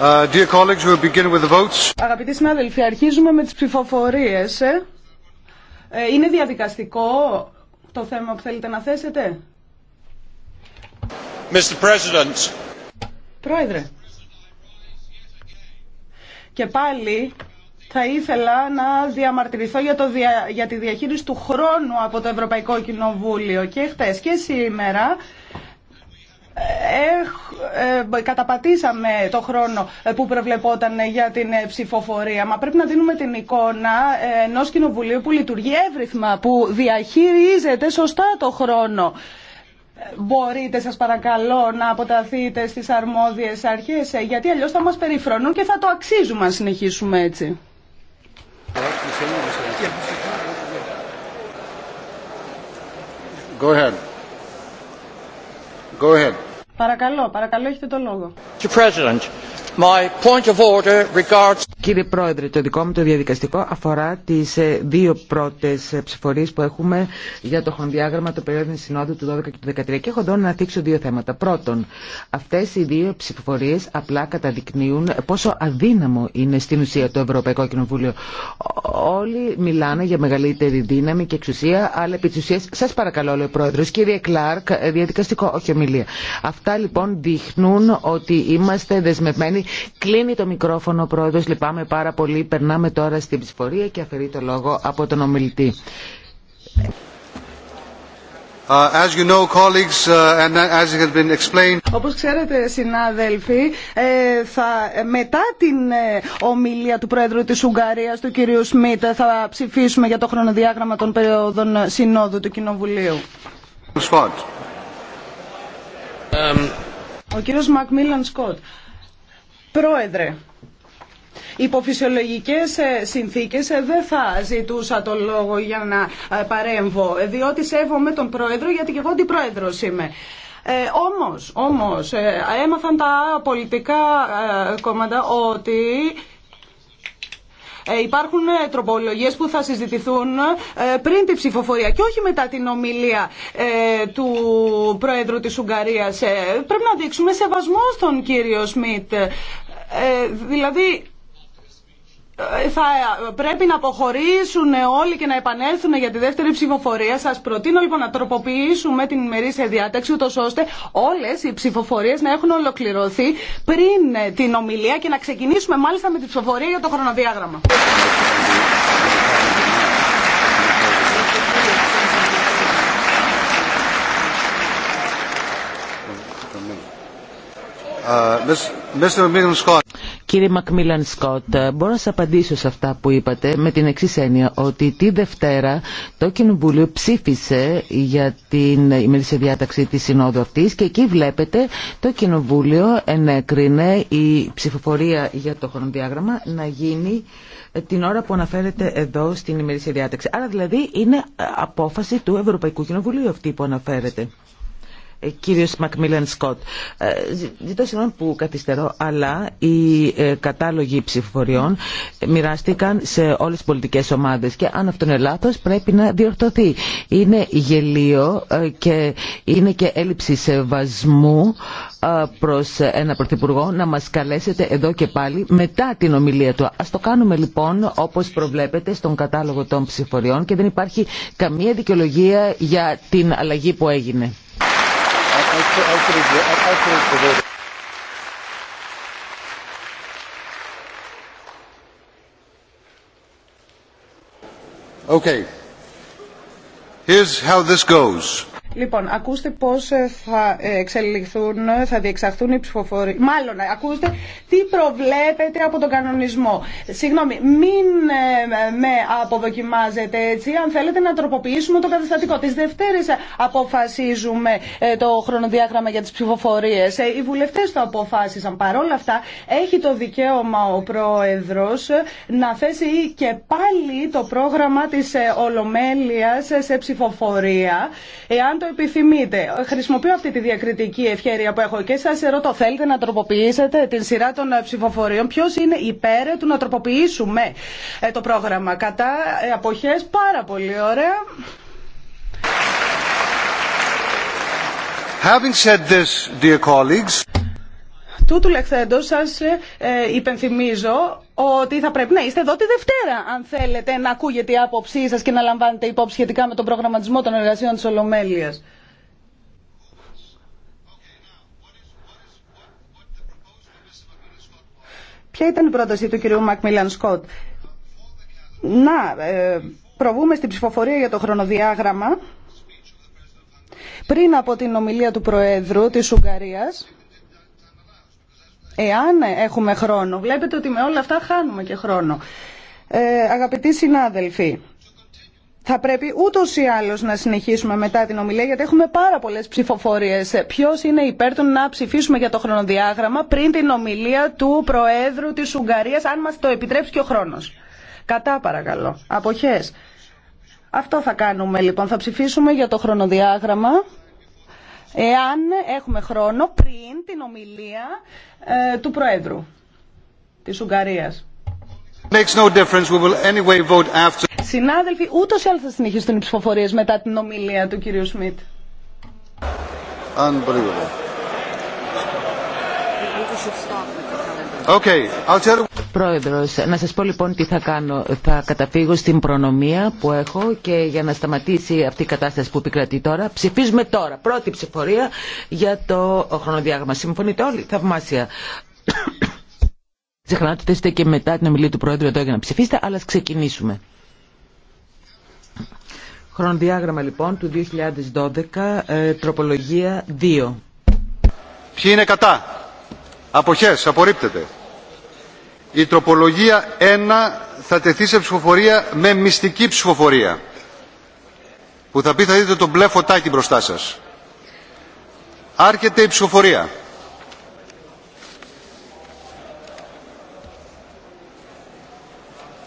Uh, Αγαπητοί συνάδελφοι, αρχίζουμε με τις ψηφοφορίες. Ε. ε. είναι διαδικαστικό το θέμα που θέλετε να θέσετε. Mr. President. Πρόεδρε. Και πάλι θα ήθελα να διαμαρτυρηθώ για, το για τη διαχείριση του χρόνου από το Ευρωπαϊκό Κοινοβούλιο και χτες και σήμερα ε, καταπατήσαμε το χρόνο ε, που προβλεπόταν για την ε, ψηφοφορία. Μα πρέπει να δίνουμε την εικόνα ενό κοινοβουλίου που λειτουργεί εύρυθμα, που διαχειρίζεται σωστά το χρόνο. Μπορείτε σας παρακαλώ να αποταθείτε στις αρμόδιες αρχές γιατί αλλιώς θα μας περιφρονούν και θα το αξίζουμε αν συνεχίσουμε έτσι. Go ahead. Go ahead. Παρακαλώ, παρακαλώ έχετε το λόγο. Κύριε Πρόεδρε, το δικό μου το διαδικαστικό αφορά τις ε, δύο πρώτες ε, ψηφορίε που έχουμε για το χονδιάγραμμα το περίοδο συνόδου του 12 και του 13 και έχω εδώ να θίξω δύο θέματα. Πρώτον, αυτέ οι δύο ψηφορίε απλά καταδεικνύουν πόσο αδύναμο είναι στην ουσία το Ευρωπαϊκό Κοινοβούλιο. Όλοι μιλάνε για μεγαλύτερη δύναμη και εξουσία, αλλά επί τη ουσία, σας παρακαλώ λέει ο πρόεδρο. κύριε Κλάρκ, ε, διαδικαστικό, όχι ομιλία. Αυτά λοιπόν δείχνουν ότι είμαστε δεσμευμένοι. Κλείνει το μικρόφωνο ο λοιπόν πάρα πολύ. Περνάμε τώρα στην ψηφορία και αφαιρεί το λόγο από τον ομιλητή. As Όπως ξέρετε συνάδελφοι, ε, θα, μετά την ε, ομιλία του Πρόεδρου της Ουγγαρίας, του κυρίου Σμίτ, θα ψηφίσουμε για το χρονοδιάγραμμα των περίοδων συνόδου του Κοινοβουλίου. Ο κύριος Μακμίλαν Σκοτ. Πρόεδρε, Υπό ε, συνθήκες ε, δεν θα ζητούσα το λόγο για να ε, παρέμβω, διότι σέβομαι τον Πρόεδρο, γιατί και εγώ Πρόεδρος είμαι. Ε, όμως, όμως έμαθαν τα πολιτικά κόμματα ότι υπάρχουν τροπολογίες που θα συζητηθούν πριν την ψηφοφορία και όχι μετά την ομιλία του Πρόεδρου της Ουγγαρίας. Πρέπει να δείξουμε σεβασμό στον κύριο Σμιτ. Δηλαδή θα πρέπει να αποχωρήσουν όλοι και να επανέλθουν για τη δεύτερη ψηφοφορία. Σα προτείνω λοιπόν να τροποποιήσουμε την ημερήσια διάταξη, ούτω ώστε όλε οι ψηφοφορίε να έχουν ολοκληρωθεί πριν την ομιλία και να ξεκινήσουμε μάλιστα με την ψηφοφορία για το χρονοδιάγραμμα. Uh, Mr. Mr. Κύριε Μακμίλαν Σκότ, ε, μπορώ να σας απαντήσω σε αυτά που είπατε με την εξή έννοια ότι τη Δευτέρα το Κοινοβούλιο ψήφισε για την ημερήσια διάταξη της Συνόδου αυτής και εκεί βλέπετε το Κοινοβούλιο ενέκρινε η ψηφοφορία για το χρονοδιάγραμμα να γίνει ε, την ώρα που αναφέρεται εδώ στην ημερήσια διάταξη. Άρα δηλαδή είναι ε, απόφαση του Ευρωπαϊκού Κοινοβουλίου αυτή που αναφέρεται. Ε, κύριος Μακμίλεν Σκοτ. Ε, ζητώ συγγνώμη που καθυστερώ, αλλά οι ε, κατάλογοι ψηφοφοριών μοιράστηκαν σε όλες τις πολιτικές ομάδες και αν αυτό είναι λάθος πρέπει να διορθωθεί. Είναι γελίο και είναι και έλλειψη σεβασμού προς ένα πρωθυπουργό να μας καλέσετε εδώ και πάλι μετά την ομιλία του. Ας το κάνουμε λοιπόν όπως προβλέπετε στον κατάλογο των ψηφοριών και δεν υπάρχει καμία δικαιολογία για την αλλαγή που έγινε. Okay. Here's how this goes. Λοιπόν, ακούστε πώς ε, θα ε, εξελιχθούν, ε, θα διεξαχθούν οι ψηφοφορίες. Μάλλον, ακούστε τι προβλέπετε από τον κανονισμό. Συγγνώμη, μην με αποδοκιμάζετε έτσι. Αν θέλετε να τροποποιήσουμε το καταστατικό. Τι Δευτέρε αποφασίζουμε το χρονοδιάγραμμα για τις ψηφοφορίες. Οι βουλευτέ το αποφάσισαν. Παρ' όλα αυτά, έχει το δικαίωμα ο πρόεδρο να θέσει και πάλι το πρόγραμμα της Ολομέλειας σε ψηφοφορία επιθυμείτε. Χρησιμοποιώ αυτή τη διακριτική ευχαίρεια που έχω και σα ρωτώ, θέλετε να τροποποιήσετε την σειρά των ε, ψηφοφορίων. Ποιο είναι υπέρ του να τροποποιήσουμε ε, το πρόγραμμα. Κατά ε, αποχέ, πάρα πολύ ωραία. Having said this, dear colleagues... Τούτου λεχθέντος σας ε, ε, υπενθυμίζω ότι θα πρέπει να είστε εδώ τη Δευτέρα αν θέλετε να ακούγεται η άποψή σας και να λαμβάνετε υπόψη σχετικά με τον προγραμματισμό των εργασιών της Ολομέλειας. Ποια ήταν η πρόταση του κυρίου Μακμίλαν Σκοτ. Να ε, προβούμε στην ψηφοφορία για το χρονοδιάγραμμα πριν από την ομιλία του Προέδρου της Ουγγαρίας εάν έχουμε χρόνο. Βλέπετε ότι με όλα αυτά χάνουμε και χρόνο. Ε, αγαπητοί συνάδελφοι, θα πρέπει ούτω ή άλλω να συνεχίσουμε μετά την ομιλία, γιατί έχουμε πάρα πολλέ ψηφοφορίε. Ποιο είναι υπέρ του να ψηφίσουμε για το χρονοδιάγραμμα πριν την ομιλία του Προέδρου τη Ουγγαρία, αν μα το επιτρέψει και ο χρόνο. Κατά παρακαλώ. Αποχέ. Αυτό θα κάνουμε λοιπόν. Θα ψηφίσουμε για το χρονοδιάγραμμα εάν έχουμε χρόνο πριν την ομιλία ε, του Προέδρου της Ουγγαρίας. Makes no difference. We will anyway vote after. Συνάδελφοι, ούτως ή άλλως θα συνεχίσουν οι ψηφοφορίες μετά την ομιλία του κυρίου Σμιτ. Okay. Πρόεδρος, να σας πω λοιπόν τι θα κάνω. Θα καταφύγω στην προνομία που έχω και για να σταματήσει αυτή η κατάσταση που επικρατεί τώρα, ψηφίζουμε τώρα. Πρώτη ψηφορία για το χρονοδιάγραμμα. Συμφωνείτε όλοι, θαυμάσια. Ξεχνάτε ότι είστε και μετά την ομιλία του Πρόεδρου εδώ για να ψηφίσετε, αλλά ας ξεκινήσουμε. Χρονοδιάγραμμα λοιπόν του 2012, ε, τροπολογία 2. Ποιοι είναι κατά. Αποχές. Απορρίπτεται. Η τροπολογία 1 θα τεθεί σε ψηφοφορία με μυστική ψηφοφορία. Που θα πει θα δείτε το μπλε φωτάκι μπροστά σας. Άρχεται η ψηφοφορία.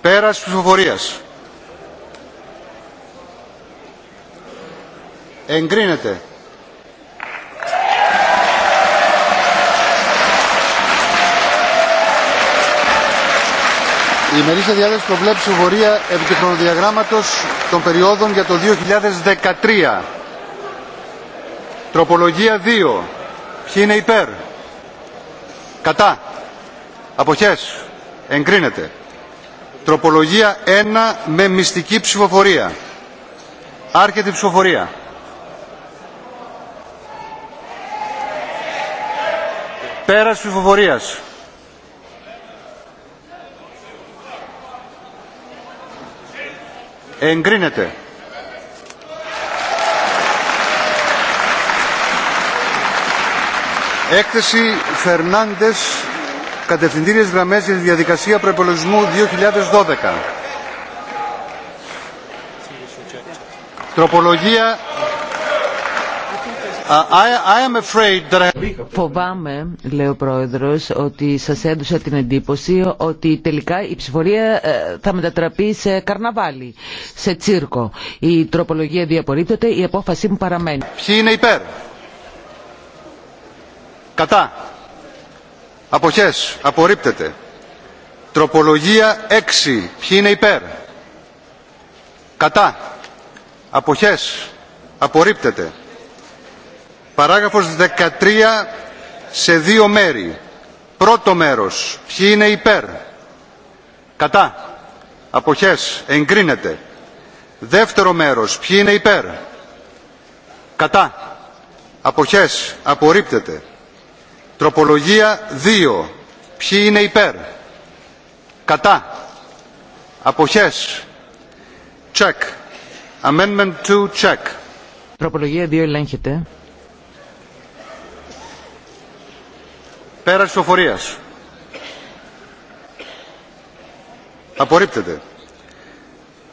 Πέρας ψηφοφορίας. Εγκρίνεται. Η ημερήσια διάταξη προβλέπει ψηφοφορία επί του των περιόδων για το 2013. Τροπολογία 2. Ποιοι είναι υπέρ. Κατά. Αποχές. Εγκρίνεται. Τροπολογία 1 με μυστική ψηφοφορία. Άρχεται η ψηφοφορία. Πέρας ψηφοφορίας. εγκρίνεται. Έκθεση Φερνάντες, κατευθυντήριες γραμμές για τη διαδικασία προπολογισμού 2012. Τροπολογία Uh, Φοβάμαι, λέει ο Πρόεδρος, ότι σας έδωσα την εντύπωση ότι τελικά η ψηφορία ε, θα μετατραπεί σε καρναβάλι, σε τσίρκο. Η τροπολογία διαπορρίπτεται, η απόφασή μου παραμένει. Ποιοι είναι υπέρ. Κατά. Αποχές. Απορρίπτεται. Τροπολογία 6. Ποιοι είναι υπέρ. Κατά. Αποχές. Απορρίπτεται. Παράγραφος 13 σε δύο μέρη. Πρώτο μέρος. Ποιοι είναι υπέρ. Κατά. Αποχές. Εγκρίνεται. Δεύτερο μέρος. Ποιοι είναι υπέρ. Κατά. Αποχές. Απορρίπτεται. Τροπολογία 2. Ποιοι είναι υπέρ. Κατά. Αποχές. Check. Amendment 2. Check. Τροπολογία 2 ελέγχεται. Πέρας ψηφοφορίας. Απορρίπτεται.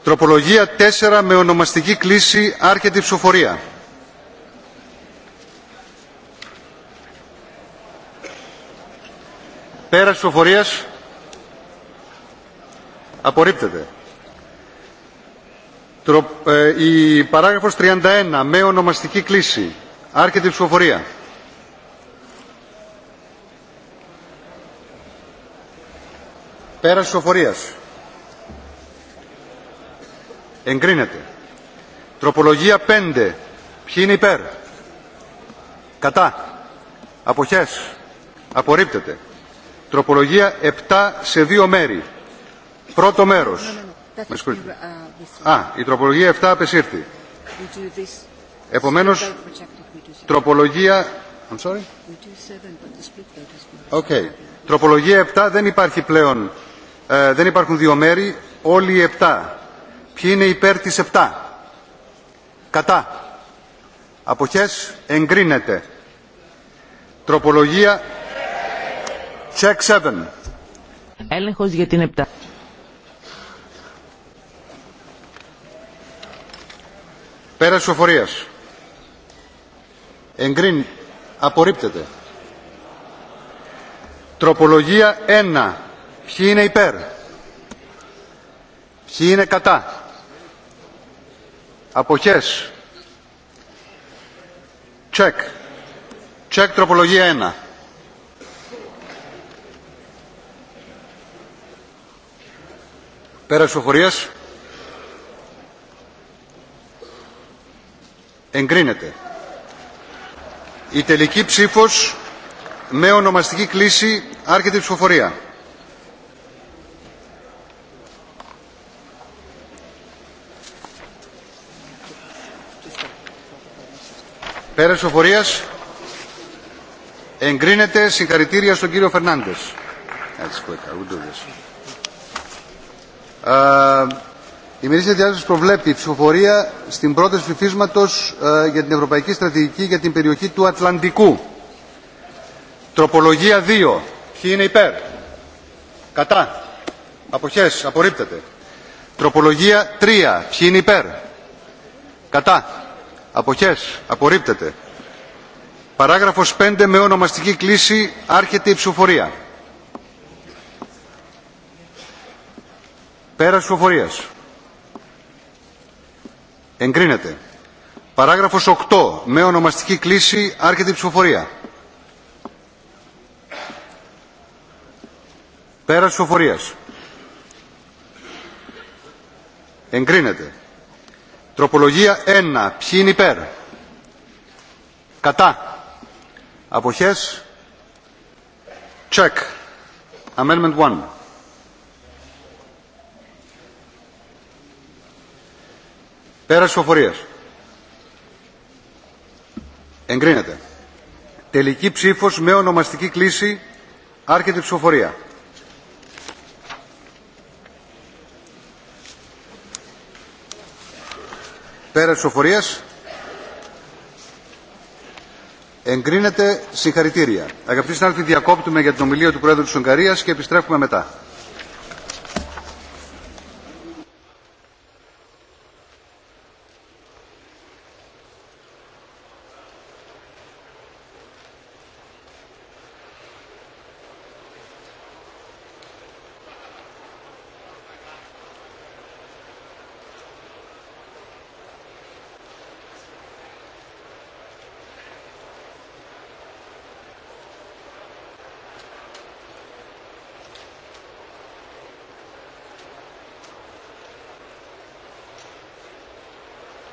Τροπολογία 4 με ονομαστική κλίση άρχεται η ψηφοφορία. Πέρας ψηφοφορίας. Απορρίπτεται. Ε, η παράγραφος 31 με ονομαστική κλίση άρχεται η ψηφοφορία. Πέρας οφορία. Εγκρίνεται. Τροπολογία 5. Ποιοι είναι υπέρ. Κατά. Αποχές. Απορρίπτεται. Τροπολογία 7 σε δύο μέρη. Πρώτο μέρος. Με συγχωρείτε. Uh, Α, η τροπολογία 7 απεσύρθη. Επομένω, τροπολογία... I'm sorry. Okay. Τροπολογία 7 δεν υπάρχει πλέον ε, δεν υπάρχουν δύο μέρη. Όλοι οι επτά. Ποιοι είναι υπέρ της επτά. Κατά. Αποχές εγκρίνεται. Τροπολογία. Check 7. Έλεγχος για την επτά. Πέρα οφορίας. Εγκρίν. Απορρίπτεται. Τροπολογία 1 Ποιοι είναι υπέρ. Ποιοι είναι κατά. Αποχές. Τσεκ. Τσεκ τροπολογία 1. Πέρα ψηφοφορίας. Εγκρίνεται. Η τελική ψήφος με ονομαστική κλίση άρχεται ψηφοφορία. Πέρα ψηφοφορίας εγκρίνεται συγχαρητήρια στον κύριο Φερνάντες. Η μερίσια διάσταση προβλέπει ψηφοφορία στην πρόταση ψηφίσματος για την Ευρωπαϊκή Στρατηγική για την περιοχή του Ατλαντικού. Τροπολογία 2. Ποιοι είναι υπέρ. Κατά. Αποχές. Απορρίπτεται. Τροπολογία 3. Ποιοι είναι υπέρ. Κατά. Αποχές. Απορρίπτεται. Παράγραφος 5 με ονομαστική κλίση άρχεται η ψηφοφορία. Πέρας ψηφοφορίας. Εγκρίνεται. Παράγραφος 8 με ονομαστική κλίση άρχεται η ψηφοφορία. Πέρας ψηφοφορίας. Εγκρίνεται. Τροπολογία 1. Ποιοι είναι υπέρ. Κατά. Αποχές. Check. Amendment 1. Πέραση ψηφοφορίας. Εγκρίνεται. Τελική ψήφος με ονομαστική κλίση. Άρχεται ψηφοφορία. Πέρα της Εγκρίνεται συγχαρητήρια. Αγαπητοί συνάδελφοι, διακόπτουμε για την ομιλία του Πρόεδρου της Ουγγαρίας και επιστρέφουμε μετά.